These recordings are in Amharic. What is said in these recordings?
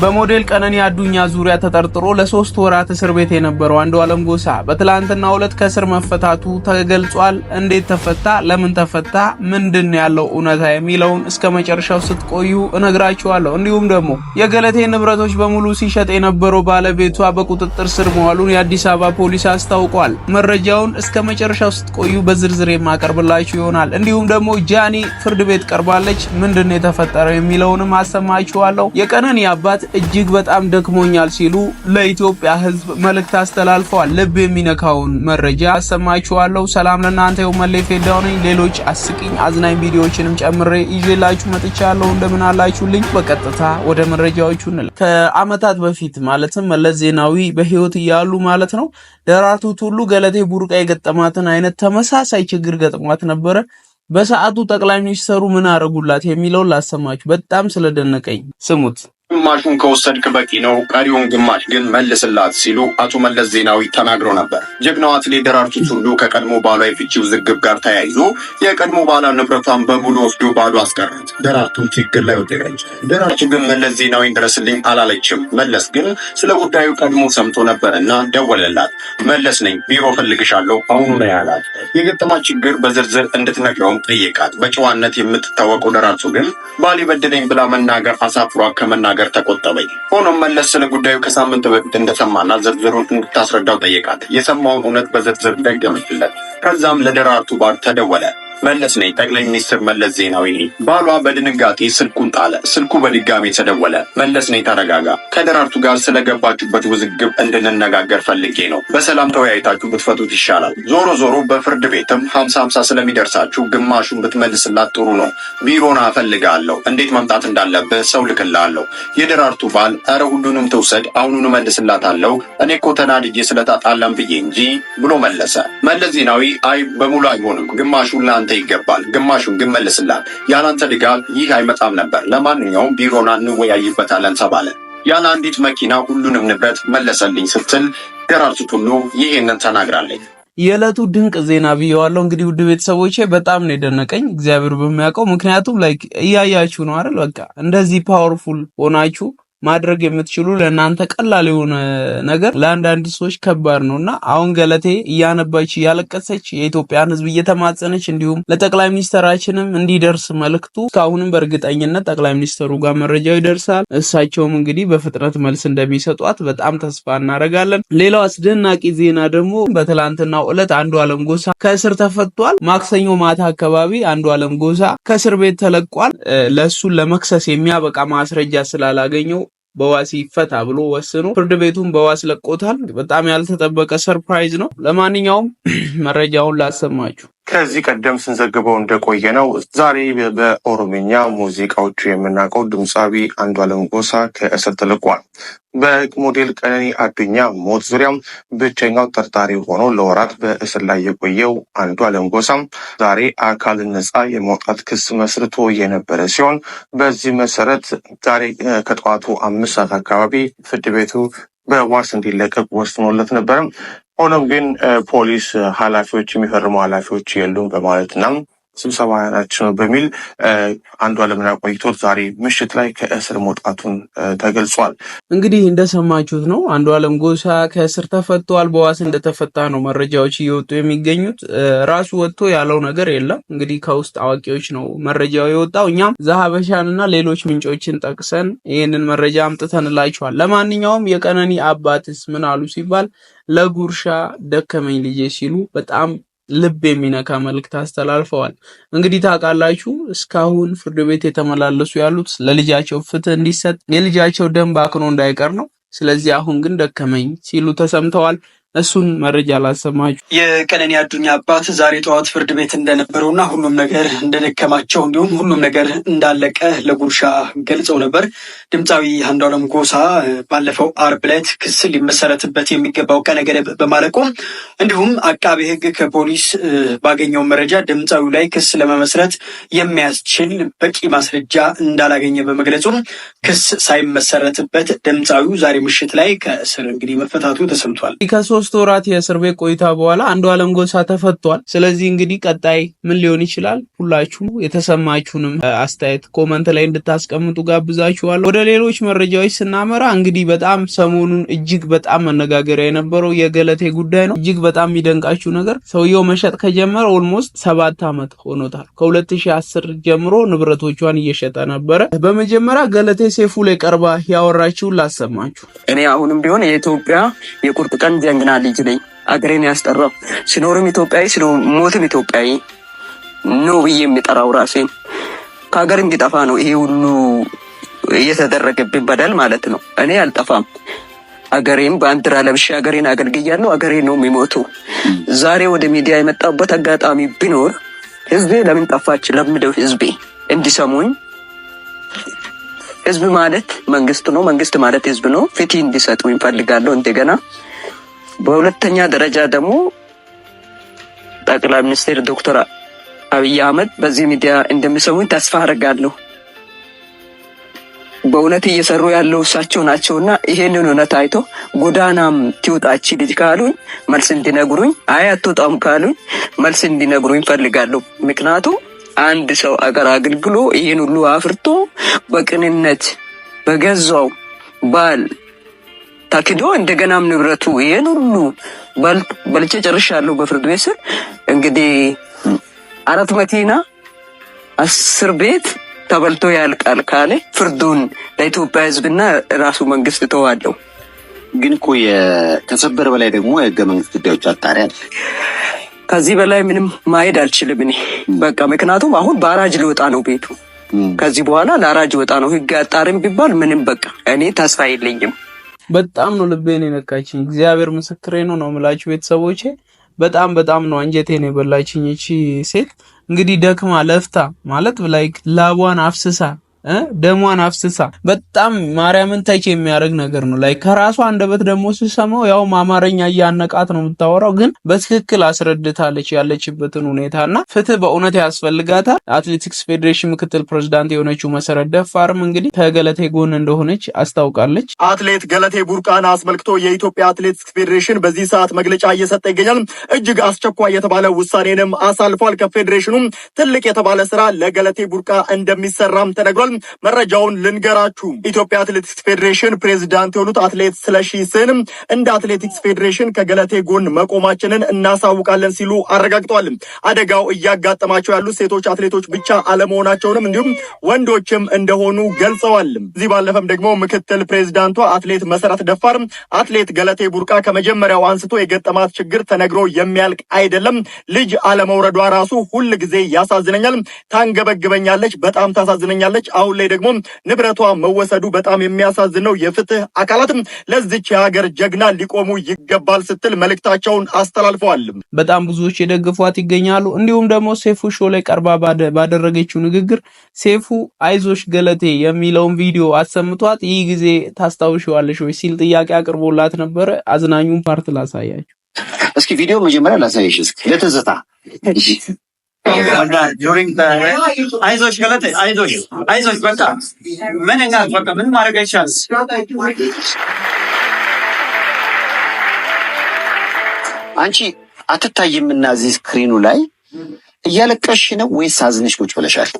በሞዴል ቀነኒ አዱኛ ዙሪያ ተጠርጥሮ ለሶስት ወራት እስር ቤት የነበረው አለም ጎሳ በትላንትናው ዕለት ከእስር መፈታቱ ተገልጿል። እንዴት ተፈታ? ለምን ተፈታ? ምንድን ያለው እውነታ የሚለውን እስከ መጨረሻው ስትቆዩ እነግራችኋለሁ። እንዲሁም ደግሞ የገለቴ ንብረቶች በሙሉ ሲሸጥ የነበረው ባለቤቷ በቁጥጥር ስር መዋሉን የአዲስ አበባ ፖሊስ አስታውቋል። መረጃውን እስከ መጨረሻው ስትቆዩ በዝርዝር የማቀርብላችሁ ይሆናል። እንዲሁም ደግሞ ጃኒ ፍርድ ቤት ቀርባለች። ምንድን የተፈጠረው የሚለውንም አሰማችኋለሁ። የቀነኒ አባት እጅግ በጣም ደክሞኛል ሲሉ ለኢትዮጵያ ሕዝብ መልእክት አስተላልፈዋል። ልብ የሚነካውን መረጃ አሰማችኋለሁ። ሰላም ለእናንተ ይሁን። መለይ ፌዳው ነኝ። ሌሎች አስቂኝ አዝናኝ ቪዲዮዎችንም ጨምሬ ይዤላችሁ መጥቻለሁ። እንደምን አላችሁልኝ? በቀጥታ ወደ መረጃዎቹ እንለ ከአመታት በፊት ማለትም መለስ ዜናዊ በህይወት እያሉ ማለት ነው ደራርቱ ቱሉ ገለቴ ቡርቃ የገጠማትን አይነት ተመሳሳይ ችግር ገጥሟት ነበረ። በሰዓቱ ጠቅላይ ሚኒስትሩ ምን አረጉላት የሚለውን ላሰማችሁ፣ በጣም ስለደነቀኝ ስሙት። ግማሹን ከወሰድክ በቂ ነው፣ ቀሪውን ግማሽ ግን መልስላት ሲሉ አቶ መለስ ዜናዊ ተናግረው ነበር። ጀግናው አትሌት ደራርቱ ቱሉ ከቀድሞ ባሏ የፍቺው ዝግብ ጋር ተያይዞ የቀድሞ ባሏ ንብረቷን በሙሉ ወስዶ ባሉ አስቀረት። ደራርቱም ችግር ላይ ወደቀች። ደራርቱ ግን መለስ ዜናዊ ድረስልኝ አላለችም። መለስ ግን ስለ ጉዳዩ ቀድሞ ሰምቶ ነበርና ደወለላት። መለስ ነኝ፣ ቢሮ ፈልግሻለሁ፣ አሁኑ ነው ያላት። የገጠማት ችግር በዝርዝር እንድትነግረውም ጠየቃት። በጨዋነት የምትታወቀው ደራርቱ ግን ባል በደለኝ ብላ መናገር አሳፍሯ ከመናገር ከመናገር ተቆጠበኝ። ሆኖም መለስ ስለ ጉዳዩ ከሳምንት በፊት እንደሰማና ዝርዝሩን እንድታስረዳው ጠየቃት። የሰማውን እውነት በዝርዝር ደገመችለት። ከዛም ለደራርቱ ባር ተደወለ። መለስ ነኝ። ጠቅላይ ሚኒስትር መለስ ዜናዊ ነኝ። ባሏ በድንጋጤ ስልኩን ጣለ። ስልኩ በድጋሚ ተደወለ። መለስ ነኝ፣ ተረጋጋ። ከደራርቱ ጋር ስለገባችሁበት ውዝግብ እንድንነጋገር ፈልጌ ነው። በሰላም ተወያይታችሁ ብትፈቱት ይሻላል። ዞሮ ዞሮ በፍርድ ቤትም ሀምሳ ሀምሳ ስለሚደርሳችሁ ግማሹን ብትመልስላት ጥሩ ነው። ቢሮን አፈልጋለሁ። እንዴት መምጣት እንዳለብህ ሰው ልክላለሁ። የደራርቱ ባል እረ ሁሉንም ትውሰድ፣ አሁኑን አለው። እኔ እኮ ተናድጄ ስለታጣላም ብዬ እንጂ ብሎ መለሰ። መለስ ዜናዊ አይ በሙሉ አይሆንም፣ ግማሹን ለአንተ ላንተ ይገባል፣ ግማሹን ግን መልስላል። ያላንተ ድጋፍ ይህ አይመጣም ነበር። ለማንኛውም ቢሮና እንወያይበታለን ተባለ። ያለ አንዲት መኪና ሁሉንም ንብረት መለሰልኝ ስትል ደራርቱ ቱሉ ይህንን ተናግራለች። የዕለቱ ድንቅ ዜና ብየዋለሁ። እንግዲህ ውድ ቤተሰቦቼ በጣም ነው የደነቀኝ እግዚአብሔር በሚያውቀው ምክንያቱም ላይክ እያያችሁ ነው አይደል? በቃ እንደዚህ ፓወርፉል ሆናችሁ ማድረግ የምትችሉ ለእናንተ ቀላል የሆነ ነገር ለአንዳንድ ሰዎች ከባድ ነው እና አሁን ገለቴ እያነባች እያለቀሰች የኢትዮጵያን ሕዝብ እየተማጸነች እንዲሁም ለጠቅላይ ሚኒስተራችንም እንዲደርስ መልክቱ እስካሁንም በእርግጠኝነት ጠቅላይ ሚኒስተሩ ጋር መረጃው ይደርሳል። እሳቸውም እንግዲህ በፍጥነት መልስ እንደሚሰጧት በጣም ተስፋ እናደርጋለን። ሌላው አስደናቂ ዜና ደግሞ በትላንትናው ዕለት አንዱ አለም ጎሳ ከእስር ተፈቷል። ማክሰኞ ማታ አካባቢ አንዱ አለም ጎሳ ከእስር ቤት ተለቋል። ለእሱን ለመክሰስ የሚያበቃ ማስረጃ ስላላገኘው በዋስ ይፈታ ብሎ ወስኖ ፍርድ ቤቱን በዋስ ለቆታል። በጣም ያልተጠበቀ ሰርፕራይዝ ነው። ለማንኛውም መረጃውን ላሰማችሁ። ከዚህ ቀደም ስንዘግበው እንደቆየ ነው ዛሬ በኦሮምኛ ሙዚቃዎቹ የምናውቀው ድምፃዊ አንዷለም ጎሳ ከእስር ተለቋል። በሞዴል ቀነኒ አዱኛ ሞት ዙሪያም ብቸኛው ጠርጣሪ ሆኖ ለወራት በእስር ላይ የቆየው አንዷለም ጎሳ ዛሬ አካል ነፃ የመውጣት ክስ መስርቶ የነበረ ሲሆን በዚህ መሰረት ዛሬ ከጠዋቱ አምስት ሰዓት አካባቢ ፍርድ ቤቱ በዋስ እንዲለቀቅ ወስኖለት ነበረ። ሆኖም ግን ፖሊስ ኃላፊዎች የሚፈርሙ ኃላፊዎች የሉም በማለትና ስብሰባ ናቸው በሚል አንዷለም ያቆይቶት ዛሬ ምሽት ላይ ከእስር መውጣቱን ተገልጿል። እንግዲህ እንደሰማችሁት ነው። አንዱ አለም ጎሳ ከእስር ተፈቷል። በዋስ እንደተፈታ ነው መረጃዎች እየወጡ የሚገኙት። ራሱ ወጥቶ ያለው ነገር የለም። እንግዲህ ከውስጥ አዋቂዎች ነው መረጃው የወጣው። እኛም ዘሀበሻን እና ሌሎች ምንጮችን ጠቅሰን ይህንን መረጃ አምጥተንላችኋል። ለማንኛውም የቀነኒ አባትስ ምን አሉ ሲባል ለጉርሻ ደከመኝ ልጄ ሲሉ በጣም ልብ የሚነካ መልእክት አስተላልፈዋል። እንግዲህ ታውቃላችሁ እስካሁን ፍርድ ቤት የተመላለሱ ያሉት ለልጃቸው ፍትህ እንዲሰጥ የልጃቸው ደም ባክኖ እንዳይቀር ነው። ስለዚህ አሁን ግን ደከመኝ ሲሉ ተሰምተዋል። እሱን መረጃ ላሰማችሁ። የቀነኒ አዱኛ አባት ዛሬ ጠዋት ፍርድ ቤት እንደነበረውና ሁሉም ነገር እንደደከማቸው እንዲሁም ሁሉም ነገር እንዳለቀ ለጉርሻ ገልጸው ነበር። ድምፃዊ አንዷለም ጎሳ ባለፈው አርብ ዕለት ክስ ሊመሰረትበት የሚገባው ቀነ ገደብ በማለቁ እንዲሁም አቃቤ ሕግ ከፖሊስ ባገኘው መረጃ ድምፃዊው ላይ ክስ ለመመስረት የሚያስችል በቂ ማስረጃ እንዳላገኘ በመግለጹ ክስ ሳይመሰረትበት ድምፃዊው ዛሬ ምሽት ላይ ከእስር እንግዲህ መፈታቱ ተሰምቷል። ከሶስት ወራት የእስር ቤት ቆይታ በኋላ አንዱዓለም ጎሳ ተፈቷል። ስለዚህ እንግዲህ ቀጣይ ምን ሊሆን ይችላል? ሁላችሁ የተሰማችሁንም አስተያየት ኮመንት ላይ እንድታስቀምጡ ጋብዛችኋለሁ። ወደ ሌሎች መረጃዎች ስናመራ እንግዲህ በጣም ሰሞኑን እጅግ በጣም መነጋገሪያ የነበረው የገለቴ ጉዳይ ነው። እጅግ በጣም የሚደንቃችሁ ነገር ሰውየው መሸጥ ከጀመረ ኦልሞስት ሰባት ዓመት ሆኖታል። ከ2010 ጀምሮ ንብረቶቿን እየሸጠ ነበረ። በመጀመሪያ ገለቴ ሴፉ ላይ ቀርባ ያወራችውን ላሰማችሁ። እኔ አሁንም ቢሆን የኢትዮጵያ የቁርጥ ቀን ጀንግ ጀግና ልጅ ነኝ። አገሬን ያስጠራው ሲኖርም ኢትዮጵያዊ ሲሞትም ኢትዮጵያዊ ነው ብዬ የሚጠራው ራሴን ከሀገር እንዲጠፋ ነው ይሄ ሁሉ እየተደረገብኝ በደል ማለት ነው። እኔ አልጠፋም። አገሬም ባንዲራ ለብሼ አገሬን አገልግያለሁ። አገሬ ነው የሚሞቱ። ዛሬ ወደ ሚዲያ የመጣበት አጋጣሚ ቢኖር ህዝቤ ለምን ጠፋች ለምደው ህዝቤ እንዲሰሙኝ ህዝብ ማለት መንግስት ነው፣ መንግስት ማለት ህዝብ ነው። ፍትህ እንዲሰጡ ይፈልጋለሁ እንደገና በሁለተኛ ደረጃ ደግሞ ጠቅላይ ሚኒስትር ዶክተር አብይ አህመድ በዚህ ሚዲያ እንደሚሰሙኝ ተስፋ አደርጋለሁ። በእውነት እየሰሩ ያለው እሳቸው ናቸውና ይሄንን እውነት አይቶ ጎዳናም ትውጣች ልጅ ካሉኝ መልስ እንዲነግሩኝ፣ አይ አትወጣም ካሉኝ መልስ እንዲነግሩኝ ፈልጋለሁ። ምክንያቱም አንድ ሰው አገር አገልግሎ ይህን ሁሉ አፍርቶ በቅንነት በገዛው ባል ታክዶ እንደገናም ንብረቱ ይሄን ሁሉ በልቼ ጨርሻለሁ። በፍርድ ቤት ስር እንግዲህ አራት መኪና አስር ቤት ተበልቶ ያልቃል ካለ ፍርዱን ለኢትዮጵያ ሕዝብና ራሱ መንግስት እተዋለሁ። ግን እኮ ከሰበር በላይ ደግሞ የህገ መንግስት ጉዳዮች አጣሪ አለ። ከዚህ በላይ ምንም ማሄድ አልችልም እኔ በቃ። ምክንያቱም አሁን በአራጅ ሊወጣ ነው ቤቱ። ከዚህ በኋላ ለአራጅ ወጣ ነው። ህግ አጣሪም ቢባል ምንም በቃ እኔ ተስፋ የለኝም። በጣም ነው ልቤን የነካችኝ። እግዚአብሔር ምስክሬ ነው ነው የምላችሁ ቤተሰቦቼ፣ በጣም በጣም ነው አንጀቴን የበላችኝ። እቺ ሴት እንግዲህ ደክማ ለፍታ ማለት ላይክ ላቧን አፍስሳ ደሟን አፍስሳ በጣም ማርያምን ተች የሚያደርግ ነገር ነው። ላይ ከራሱ አንደበት ደግሞ ስሰማው ያው አማርኛ እያነቃት ነው የምታወራው፣ ግን በትክክል አስረድታለች ያለችበትን ሁኔታና ፍትህ በእውነት ያስፈልጋታል። አትሌቲክስ ፌዴሬሽን ምክትል ፕሬዝዳንት የሆነችው መሰረት ደፋርም እንግዲህ ከገለቴ ጎን እንደሆነች አስታውቃለች። አትሌት ገለቴ ቡርቃን አስመልክቶ የኢትዮጵያ አትሌቲክስ ፌዴሬሽን በዚህ ሰዓት መግለጫ እየሰጠ ይገኛል። እጅግ አስቸኳይ የተባለ ውሳኔንም አሳልፏል። ከፌዴሬሽኑም ትልቅ የተባለ ስራ ለገለቴ ቡርቃ እንደሚሰራም ተነግሯል። መረጃውን ልንገራችሁ። ኢትዮጵያ አትሌቲክስ ፌዴሬሽን ፕሬዚዳንት የሆኑት አትሌት ስለሺ ስን እንደ አትሌቲክስ ፌዴሬሽን ከገለቴ ጎን መቆማችንን እናሳውቃለን ሲሉ አረጋግጧል። አደጋው እያጋጠማቸው ያሉ ሴቶች አትሌቶች ብቻ አለመሆናቸውንም እንዲሁም ወንዶችም እንደሆኑ ገልጸዋል። እዚህ ባለፈም ደግሞ ምክትል ፕሬዚዳንቷ አትሌት መሰረት ደፋር አትሌት ገለቴ ቡርቃ ከመጀመሪያው አንስቶ የገጠማት ችግር ተነግሮ የሚያልቅ አይደለም። ልጅ አለመውረዷ ራሱ ሁል ጊዜ ያሳዝነኛል። ታንገበግበኛለች፣ በጣም ታሳዝነኛለች። አሁን ላይ ደግሞ ንብረቷ መወሰዱ በጣም የሚያሳዝን ነው። የፍትህ አካላትም ለዚች የሀገር ጀግና ሊቆሙ ይገባል ስትል መልእክታቸውን አስተላልፈዋል። በጣም ብዙዎች የደግፏት ይገኛሉ። እንዲሁም ደግሞ ሴፉ ሾ ላይ ቀርባ ባደረገችው ንግግር ሴፉ አይዞሽ ገለቴ የሚለውን ቪዲዮ አሰምቷት ይህ ጊዜ ታስታውሽዋለሽ ወይ ሲል ጥያቄ አቅርቦላት ነበረ። አዝናኙን ፓርት ላሳያቸው እስኪ ቪዲዮ መጀመሪያ ላሳየሽ እስኪ ለትዝታ አይዞሽ ገለቴ፣ አይዞሽ አይዞሽ፣ በቃ ምን ምን አንቺ አትታይምና እዚህ ስክሪኑ ላይ እያለቀሽ ነው ወይስ አዝንሽ ቁጭ ብለሻል?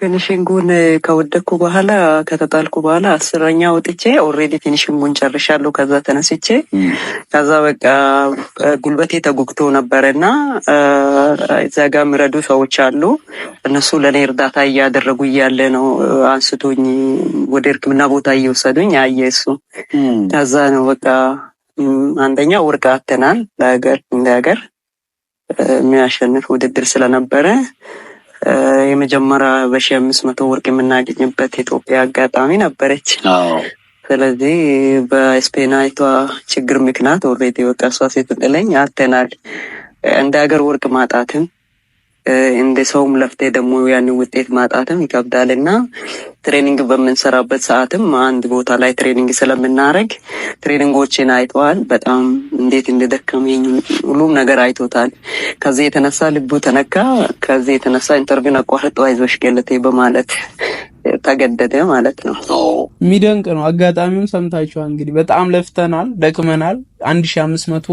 ፊኒሽንጉን ከወደኩ በኋላ ከተጣልኩ በኋላ አስረኛ ወጥቼ ኦልሬዲ ፊኒሽንጉን ጨርሻለሁ። ከዛ ተነስቼ ከዛ በቃ ጉልበቴ ተጉግቶ ነበረና እዛ ጋር ምረዱ ሰዎች አሉ። እነሱ ለእኔ እርዳታ እያደረጉ እያለ ነው አንስቶኝ ወደ ሕክምና ቦታ እየወሰዱኝ አየ እሱ። ከዛ ነው በቃ አንደኛ ወርቅ አተናል ለሀገር እንደ ሀገር የሚያሸንፍ ውድድር ስለነበረ የመጀመሪያ በሺ አምስት መቶ ወርቅ የምናገኝበት ኢትዮጵያ አጋጣሚ ነበረች። ስለዚህ በስፔናዊቷ ችግር ምክንያት ኦልሬዲ በቃ እሷ ስትጥለኝ አተናል። እንደ ሀገር ወርቅ ማጣትም እንደ ሰውም ለፍቴ ደግሞ ያን ውጤት ማጣትም ይከብዳል እና ትሬኒንግ በምንሰራበት ሰዓትም አንድ ቦታ ላይ ትሬኒንግ ስለምናደርግ ትሬኒንጎችን አይተዋል። በጣም እንዴት እንደደከመኝ ሁሉም ነገር አይቶታል። ከዚህ የተነሳ ልቡ ተነካ። ከዚህ የተነሳ ኢንተርቪውን አቋርጦ አይዞሽ ገለቴ በማለት ተገደደ ማለት ነው። የሚደንቅ ነው። አጋጣሚውን ሰምታችኋል። እንግዲህ በጣም ለፍተናል፣ ደክመናል። አንድ ሺ አምስት መቶ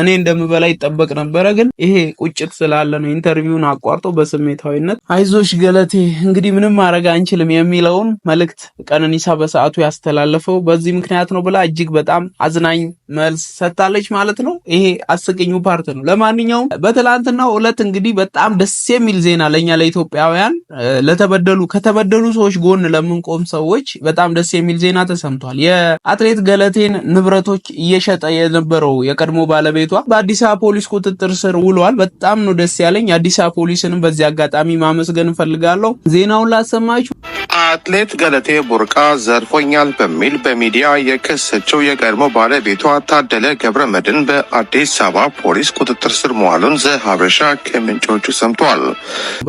እኔ እንደምበላ ይጠበቅ ነበረ፣ ግን ይሄ ቁጭት ስላለ ነው ኢንተርቪውን አቋርጦ በስሜታዊነት አይዞሽ ገለቴ እንግዲህ ምንም ማድረግ አንችልም የሚለው የሚለውን መልእክት ቀነኒሳ በሰዓቱ ያስተላለፈው በዚህ ምክንያት ነው ብላ እጅግ በጣም አዝናኝ መልስ ሰጥታለች ማለት ነው። ይሄ አስቂኙ ፓርት ነው። ለማንኛውም በትላንትናው ዕለት እንግዲህ በጣም ደስ የሚል ዜና ለእኛ ለኢትዮጵያውያን ለተበደሉ ከተበደሉ ሰዎች ጎን ለምንቆም ሰዎች በጣም ደስ የሚል ዜና ተሰምቷል። የአትሌት ገለቴን ንብረቶች እየሸጠ የነበረው የቀድሞ ባለቤቷ በአዲስ አበባ ፖሊስ ቁጥጥር ስር ውሏል። በጣም ነው ደስ ያለኝ። የአዲስ አበባ ፖሊስንም በዚህ አጋጣሚ ማመስገን እንፈልጋለሁ። ዜናውን ላሰማችሁ። አትሌት ገለቴ ቡርቃ ዘርፎኛል በሚል በሚዲያ የከሰችው የቀድሞ ባለቤቷ ታደለ ገብረ መድን በአዲስ አበባ ፖሊስ ቁጥጥር ስር መዋሉን ዘ ሀበሻ ከምንጮቹ ሰምቷል።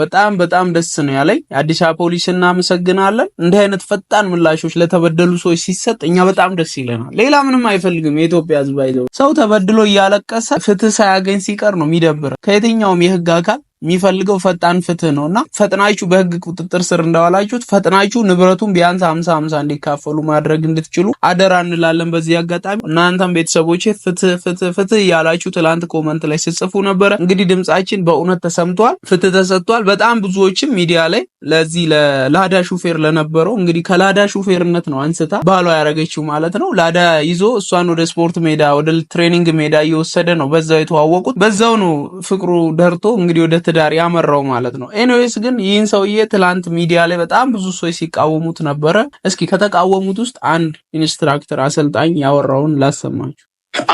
በጣም በጣም ደስ ነው ያለኝ። አዲስ አበባ ፖሊስ እናመሰግናለን። እንዲህ አይነት ፈጣን ምላሾች ለተበደሉ ሰዎች ሲሰጥ እኛ በጣም ደስ ይለናል። ሌላ ምንም አይፈልግም። የኢትዮጵያ ሕዝብ አይዘው ሰው ተበድሎ እያለቀሰ ፍትህ ሳያገኝ ሲቀር ነው የሚደብረው። ከየትኛውም የህግ አካል የሚፈልገው ፈጣን ፍትህ ነው እና ፈጥናችሁ በህግ ቁጥጥር ስር እንዳዋላችሁት ፈጥናችሁ ንብረቱን ቢያንስ ሀምሳ ሀምሳ እንዲካፈሉ ማድረግ እንድትችሉ አደራ እንላለን። በዚህ አጋጣሚ እናንተም ቤተሰቦች ፍትህ ፍትህ ፍትህ እያላችሁ ትላንት ኮመንት ላይ ስጽፉ ነበረ። እንግዲህ ድምጻችን በእውነት ተሰምቷል፣ ፍትህ ተሰጥቷል። በጣም ብዙዎችም ሚዲያ ላይ ለዚህ ለላዳ ሹፌር ለነበረው እንግዲህ ከላዳ ሹፌርነት ነው አንስታ ባሏ ያደረገችው ማለት ነው። ላዳ ይዞ እሷን ወደ ስፖርት ሜዳ ወደ ትሬኒንግ ሜዳ እየወሰደ ነው በዛው የተዋወቁት። በዛው ነው ፍቅሩ ደርቶ እንግዲህ ወደ ትዳር ያመራው ማለት ነው። ኤኒዌይስ ግን ይህን ሰውዬ ትላንት ሚዲያ ላይ በጣም ብዙ ሰዎች ሲቃወሙት ነበረ። እስኪ ከተቃወሙት ውስጥ አንድ ኢንስትራክተር አሰልጣኝ ያወራውን ላሰማችሁ።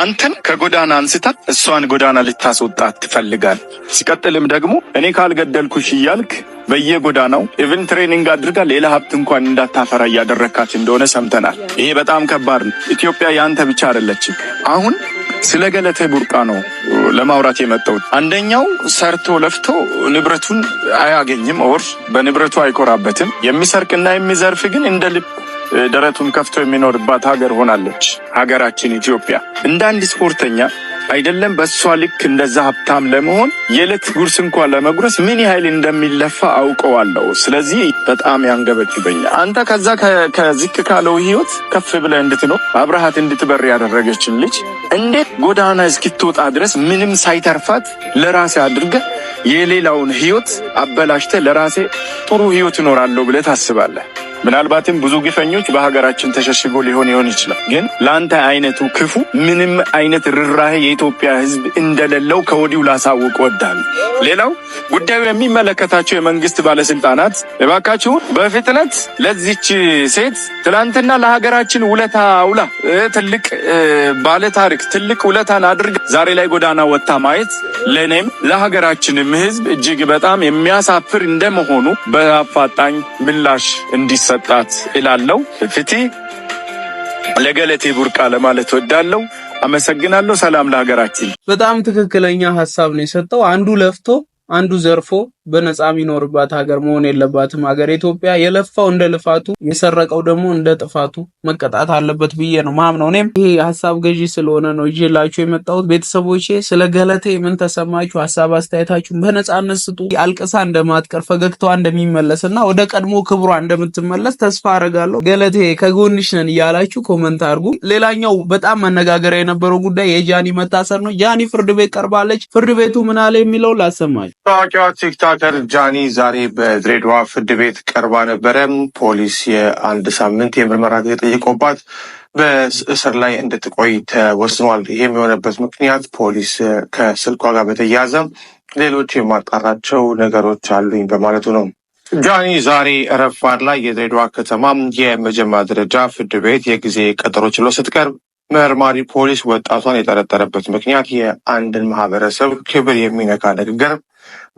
አንተን ከጎዳና አንስታ እሷን ጎዳና ልታስወጣት ትፈልጋል። ሲቀጥልም ደግሞ እኔ ካልገደልኩሽ እያልክ በየጎዳናው ኢቭን ትሬኒንግ አድርጋ ሌላ ሀብት እንኳን እንዳታፈራ እያደረካት እንደሆነ ሰምተናል። ይሄ በጣም ከባድ ነው። ኢትዮጵያ ያንተ ብቻ አይደለችም አሁን ስለ ገለቴ ቡርቃ ነው ለማውራት የመጣሁት። አንደኛው ሰርቶ ለፍቶ ንብረቱን አያገኝም፣ ወር በንብረቱ አይኮራበትም። የሚሰርቅና የሚዘርፍ ግን እንደ ልብ ደረቱን ከፍቶ የሚኖርባት ሀገር ሆናለች ሀገራችን ኢትዮጵያ። እንደ አንድ ስፖርተኛ አይደለም በእሷ ልክ እንደዛ ሀብታም ለመሆን የዕለት ጉርስ እንኳን ለመጉረስ ምን ያህል እንደሚለፋ አውቀዋለሁ። ስለዚህ በጣም ያንገበግበኛል። አንተ ከዛ ከዝቅ ካለው ህይወት ከፍ ብለህ እንድትኖር አብረሃት እንድትበር ያደረገችን ልጅ እንዴት ጎዳና እስኪትወጣ ድረስ ምንም ሳይተርፋት ለራሴ አድርገ የሌላውን ህይወት አበላሽተ ለራሴ ጥሩ ህይወት እኖራለሁ ብለህ ታስባለህ? ምናልባትም ብዙ ግፈኞች በሀገራችን ተሸሽጎ ሊሆን ይሆን ይችላል። ግን ለአንተ አይነቱ ክፉ ምንም አይነት ርራሄ የኢትዮጵያ ሕዝብ እንደሌለው ከወዲሁ ላሳውቅ ወዳል። ሌላው ጉዳዩ የሚመለከታቸው የመንግስት ባለስልጣናት እባካችሁን በፍጥነት ለዚች ሴት ትናንትና ለሀገራችን ውለታ ውላ ትልቅ ባለታሪክ ትልቅ ውለታን አድርጋ ዛሬ ላይ ጎዳና ወጥታ ማየት ለእኔም ለሀገራችንም ሕዝብ እጅግ በጣም የሚያሳፍር እንደመሆኑ በአፋጣኝ ምላሽ እንዲስ ሰጣት እላለሁ። ፍቲ ለገለቴ ቡርቃ ለማለት ወዳለሁ። አመሰግናለሁ። ሰላም ለሀገራችን። በጣም ትክክለኛ ሀሳብ ነው የሰጠው አንዱ ለፍቶ አንዱ ዘርፎ በነፃ የሚኖርባት ሀገር መሆን የለባትም። ሀገር ኢትዮጵያ የለፋው እንደ ልፋቱ የሰረቀው ደግሞ እንደ ጥፋቱ መቀጣት አለበት ብዬ ነው ማምነው። እኔም ይሄ ሀሳብ ገዢ ስለሆነ ነው ይዤላችሁ የመጣሁት። ቤተሰቦቼ ስለ ገለቴ ምን ተሰማችሁ? ሀሳብ አስተያየታችሁን በነፃነት ስጡ። አልቅሳ እንደማትቀር ፈገግታዋ እንደሚመለስ እና ወደ ቀድሞ ክብሯ እንደምትመለስ ተስፋ አረጋለሁ። ገለቴ ከጎንሽ ነን እያላችሁ ኮመንት አድርጉ። ሌላኛው በጣም መነጋገሪያ የነበረው ጉዳይ የጃኒ መታሰር ነው። ጃኒ ፍርድ ቤት ቀርባለች። ፍርድ ቤቱ ምን አለ የሚለው ላሰማችሁ ታዋቂዋ ቲክቶከር ጃኒ ዛሬ በድሬዳዋ ፍርድ ቤት ቀርባ ነበረ። ፖሊስ የአንድ ሳምንት የምርመራ ጊዜ ጠይቆባት በእስር ላይ እንድትቆይ ተወስኗል። ይህም የሆነበት ምክንያት ፖሊስ ከስልኳ ጋር በተያያዘ ሌሎች የማጣራቸው ነገሮች አሉኝ በማለቱ ነው። ጃኒ ዛሬ ረፋድ ላይ የድሬዳዋ ከተማ የመጀመሪያ ደረጃ ፍርድ ቤት የጊዜ ቀጠሮ ችሎ ስትቀርብ መርማሪ ፖሊስ ወጣቷን የጠረጠረበት ምክንያት የአንድን ማህበረሰብ ክብር የሚነካ ንግግር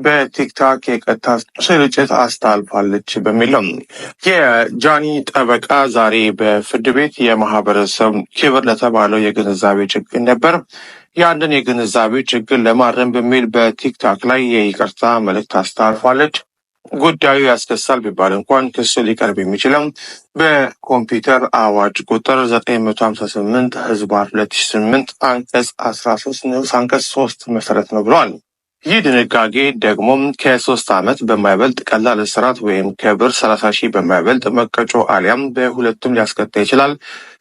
በቲክታክ የቀጥታ ስርጭት አስታልፋለች በሚለው የጃኒ ጠበቃ ዛሬ በፍርድ ቤት የማህበረሰብ ክብር ለተባለው የግንዛቤ ችግር ነበር የአንድን የግንዛቤ ችግር ለማረም በሚል በቲክታክ ላይ የይቅርታ መልእክት አስታልፋለች። ጉዳዩ ያስከሳል ቢባል እንኳን ክሱ ሊቀርብ የሚችለው በኮምፒውተር አዋጅ ቁጥር 958 ህዝባር 2008 አንቀጽ 13 ንዑስ አንቀጽ 3 መሰረት ነው ብለዋል። ይህ ድንጋጌ ደግሞም ከሶስት ዓመት በማይበልጥ ቀላል እስራት ወይም ከብር ሰላሳ ሺህ በማይበልጥ መቀጮ አሊያም በሁለቱም ሊያስቀጣ ይችላል።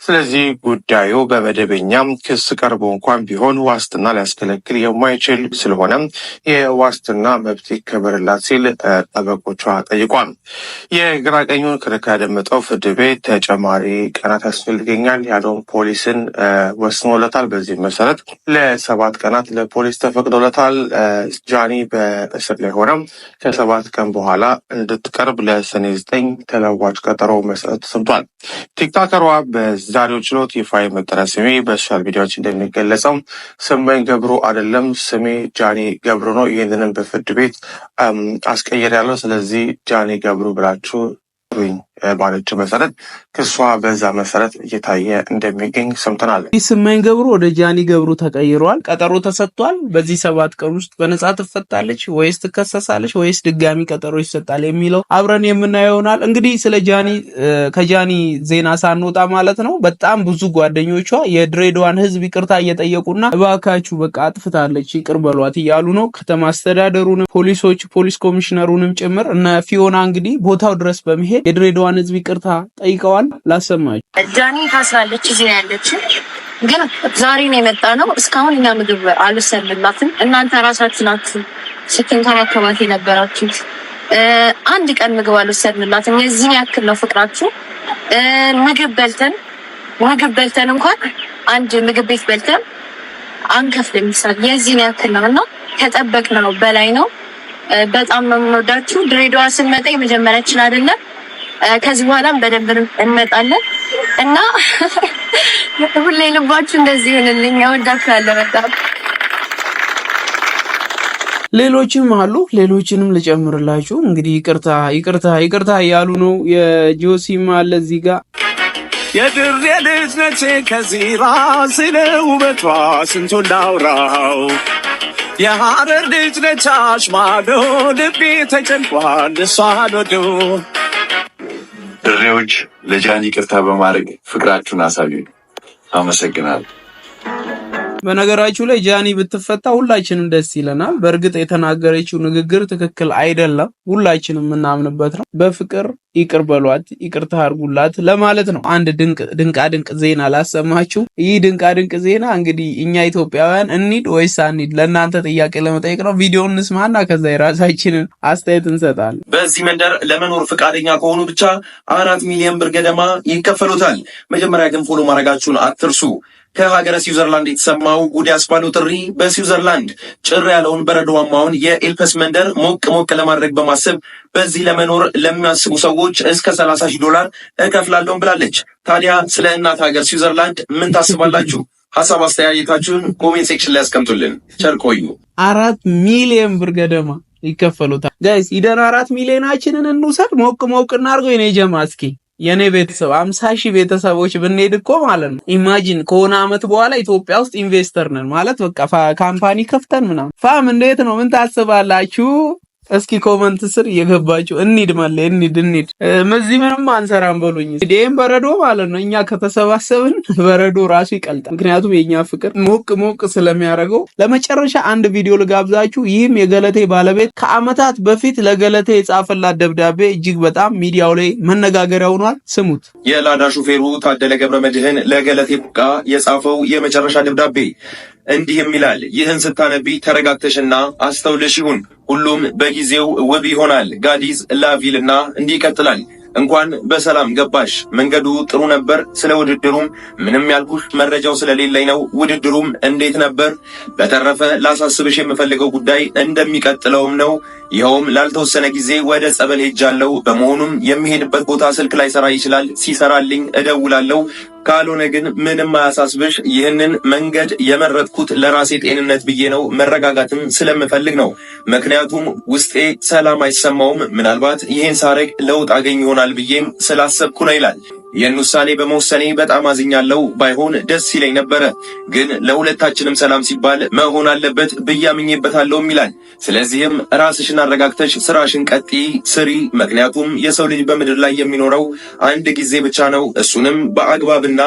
ስለዚህ ጉዳዩ በመደበኛ ክስ ቀርቦ እንኳን ቢሆን ዋስትና ሊያስከለክል የማይችል ስለሆነ የዋስትና መብት ይከበርላት ሲል ጠበቆቿ ጠይቋል። የግራ ቀኙን ክርክር ያደመጠው ፍርድ ቤት ተጨማሪ ቀናት ያስፈልገኛል ያለውን ፖሊስን ወስኖለታል። በዚህ መሰረት ለሰባት ቀናት ለፖሊስ ተፈቅዶለታል። ጃኒ በእስር ላይ ሆነ ከሰባት ቀን በኋላ እንድትቀርብ ለሰኔ ዘጠኝ ተለዋጭ ቀጠሮ መስጠት ሰምቷል። ቲክታከሯ በዛሬው ችሎት ይፋ የመጠሪያ ስሜ በሶሻል ሚዲያዎች እንደሚገለጸው ስመኝ ገብሩ አይደለም፣ ስሜ ጃኒ ገብሩ ነው። ይህንንም በፍርድ ቤት አስቀየር ያለው ስለዚህ ጃኒ ገብሩ ብላችሁ ሩኝ ባለችው መሰረት ክሷ በዛ መሰረት እየታየ እንደሚገኝ ሰምተናል። ስመኝ ገብሩ ወደ ጃኒ ገብሩ ተቀይረዋል። ቀጠሮ ተሰጥቷል። በዚህ ሰባት ቀን ውስጥ በነጻ ትፈታለች ወይስ ትከሰሳለች ወይስ ድጋሚ ቀጠሮ ይሰጣል የሚለው አብረን የምናየው ይሆናል። እንግዲህ ስለ ጃኒ ከጃኒ ዜና ሳንወጣ ማለት ነው በጣም ብዙ ጓደኞቿ የድሬዳዋን ህዝብ ይቅርታ እየጠየቁና እባካችሁ በቃ አጥፍታለች ይቅር በሏት እያሉ ነው። ከተማ አስተዳደሩንም፣ ፖሊሶች፣ ፖሊስ ኮሚሽነሩንም ጭምር እነ ፊዮና እንግዲህ ቦታው ድረስ በመሄድ የድሬዳዋ የአማራዋን ህዝብ ይቅርታ ጠይቀዋል። ላሰማች ዳኒ ታስራለች። እዚህ ያለችን፣ ግን ዛሬን የመጣ ነው። እስካሁን እኛ ምግብ አልወሰንላትም። እናንተ ራሳችሁ ናችሁ ስትንከባከባት የነበራችሁት። አንድ ቀን ምግብ አልወሰንላትም። የዚህን ያክል ነው ፍቅራችሁ። ምግብ በልተን ምግብ በልተን እንኳን አንድ ምግብ ቤት በልተን አንከፍልም። ይሳል የዚህን ያክል ነው እና ከጠበቅነው በላይ ነው። በጣም ነው የምንወዳችሁ። ድሬዳዋ ስንመጣ የመጀመሪያችን አይደለም። ከዚህ በኋላም በደንብ እንመጣለን እና ሁሌ ልባችሁ እንደዚህ ይሁንልኝ። እወዳችኋለሁ በጣም። ሌሎችም አሉ፣ ሌሎችንም ልጨምርላችሁ። እንግዲህ ይቅርታ ይቅርታ ይቅርታ እያሉ ነው። የጆሲም አለ እዚህ ጋር የድሬ ልጅ ነቼ ከዚህ ራስ ውበቷ ስንቱ ላውራው የሀረር ልጅ ነቻሽ ማዶ ልቤ ተጨንቋል እሷ ዶዶ ለጆርጅ ለጃን ይቅርታ በማድረግ ፍቅራችሁን አሳዩ። አመሰግናለሁ። በነገራችሁ ላይ ጃኒ ብትፈታ ሁላችንም ደስ ይለናል። በእርግጥ የተናገረችው ንግግር ትክክል አይደለም፣ ሁላችንም የምናምንበት ነው። በፍቅር ይቅር በሏት፣ ይቅርታ አርጉላት ለማለት ነው። አንድ ድንቃ ድንቅ ዜና ላሰማችሁ። ይህ ድንቃ ድንቅ ዜና እንግዲህ እኛ ኢትዮጵያውያን እንሂድ ወይስ አንሂድ ለእናንተ ጥያቄ ለመጠየቅ ነው። ቪዲዮን እንስማና ከዛ የራሳችንን አስተያየት እንሰጣለን። በዚህ መንደር ለመኖር ፈቃደኛ ከሆኑ ብቻ አራት ሚሊዮን ብር ገደማ ይከፈሉታል። መጀመሪያ ግን ፎሎ ማድረጋችሁን አትርሱ። ከሀገረ ስዊዘርላንድ የተሰማው ጉድ ያስባለው ጥሪ በስዊዘርላንድ ጭር ያለውን በረዶማውን የኤልፐስ መንደር ሞቅ ሞቅ ለማድረግ በማሰብ በዚህ ለመኖር ለሚያስቡ ሰዎች እስከ 30 ሺህ ዶላር እከፍላለሁም ብላለች። ታዲያ ስለ እናት ሀገር ስዊዘርላንድ ምን ታስባላችሁ? ሀሳብ አስተያየታችሁን ኮሜንት ሴክሽን ላይ ያስቀምጡልን። ቸርቆዩ አራት ሚሊዮን ብር ገደማ ይከፈሉታል። ጋይስ ይደን አራት ሚሊዮናችንን እንውሰድ ሞቅ ሞቅ እናድርገው የኔ ጀማ እስኪ የኔ ቤተሰብ አምሳ ሺህ ቤተሰቦች ብንሄድ እኮ ማለት ነው ኢማጂን ከሆነ አመት በኋላ ኢትዮጵያ ውስጥ ኢንቨስተር ነን ማለት በቃ ካምፓኒ ከፍተን ምናምን ፋም እንዴት ነው ምን ታስባላችሁ? እስኪ ኮመንት ስር እየገባችሁ እንሂድ ማለ እንሂድ እንሂድ፣ እዚህ ምንም አንሰራም በሉኝ። ይህም በረዶ ማለት ነው። እኛ ከተሰባሰብን በረዶ ራሱ ይቀልጣል። ምክንያቱም የእኛ ፍቅር ሞቅ ሞቅ ስለሚያደርገው። ለመጨረሻ አንድ ቪዲዮ ልጋብዛችሁ። ይህም የገለቴ ባለቤት ከዓመታት በፊት ለገለቴ የጻፈላት ደብዳቤ እጅግ በጣም ሚዲያው ላይ መነጋገሪያ ሆኗል። ስሙት። የላዳ ሹፌሩ ታደለ ገብረ መድህን ለገለቴ ቡቃ የጻፈው የመጨረሻ ደብዳቤ እንዲህም ይላል፣ ይህን ስታነቢ ተረጋግተሽና አስተውለሽ ይሁን፣ ሁሉም በጊዜው ውብ ይሆናል። ጋዲዝ ላቪልና እንዲህ ይቀጥላል። እንኳን በሰላም ገባሽ። መንገዱ ጥሩ ነበር። ስለ ውድድሩም ምንም ያልኩሽ መረጃው ስለሌለኝ ነው። ውድድሩም እንዴት ነበር? በተረፈ ላሳስብሽ የምፈልገው ጉዳይ እንደሚቀጥለውም ነው። ይኸውም ላልተወሰነ ጊዜ ወደ ጸበል ሄጃለሁ። በመሆኑም የሚሄድበት ቦታ ስልክ ላይ ሰራ ይችላል። ሲሰራልኝ እደውላለሁ። ካልሆነ ግን ምንም አያሳስብሽ። ይህንን መንገድ የመረጥኩት ለራሴ ጤንነት ብዬ ነው፣ መረጋጋትን ስለምፈልግ ነው። ምክንያቱም ውስጤ ሰላም አይሰማውም። ምናልባት ይህን ሳረግ ለውጥ አገኝ ይሆናል ብዬም ስላሰብኩ ነው ይላል። ይህን ውሳኔ በመውሰኔ በጣም አዝኛለሁ። ባይሆን ደስ ይለኝ ነበረ፣ ግን ለሁለታችንም ሰላም ሲባል መሆን አለበት ብያምኜበታለሁም ይላል። ስለዚህም ራስሽን አረጋግተሽ ስራሽን ቀጢ ስሪ። ምክንያቱም የሰው ልጅ በምድር ላይ የሚኖረው አንድ ጊዜ ብቻ ነው። እሱንም በአግባብና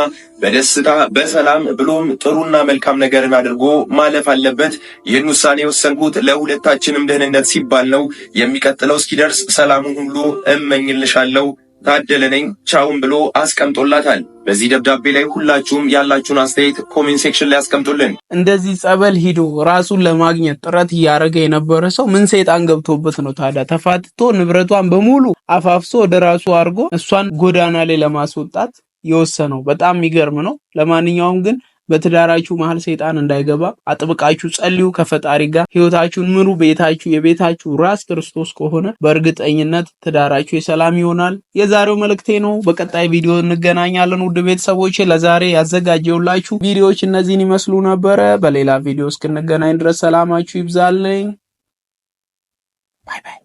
በደስታ በሰላም ብሎም ጥሩና መልካም ነገርን አድርጎ ማለፍ አለበት። ይህን ውሳኔ የወሰንኩት ለሁለታችንም ደህንነት ሲባል ነው። የሚቀጥለው እስኪደርስ ሰላሙን ሁሉ እመኝልሻለሁ ታደለ ነኝ ቻውን ብሎ አስቀምጦላታል። በዚህ ደብዳቤ ላይ ሁላችሁም ያላችሁን አስተያየት ኮሜንት ሴክሽን ላይ አስቀምጡልን። እንደዚህ ጸበል ሂዶ ራሱን ለማግኘት ጥረት እያደረገ የነበረ ሰው ምን ሰይጣን ገብቶበት ነው ታዲያ ተፋትቶ ንብረቷን በሙሉ አፋፍሶ ወደ ራሱ አድርጎ እሷን ጎዳና ላይ ለማስወጣት የወሰነው? በጣም የሚገርም ነው። ለማንኛውም ግን በትዳራችሁ መሀል ሰይጣን እንዳይገባ አጥብቃችሁ ጸልዩ። ከፈጣሪ ጋር ህይወታችሁን ምሩ። ቤታችሁ የቤታችሁ ራስ ክርስቶስ ከሆነ በእርግጠኝነት ትዳራችሁ የሰላም ይሆናል። የዛሬው መልእክቴ ነው። በቀጣይ ቪዲዮ እንገናኛለን። ውድ ቤተሰቦች ለዛሬ ያዘጋጀውላችሁ ቪዲዮዎች እነዚህን ይመስሉ ነበረ። በሌላ ቪዲዮ እስክንገናኝ ድረስ ሰላማችሁ ይብዛልኝ። ባይ ባይ።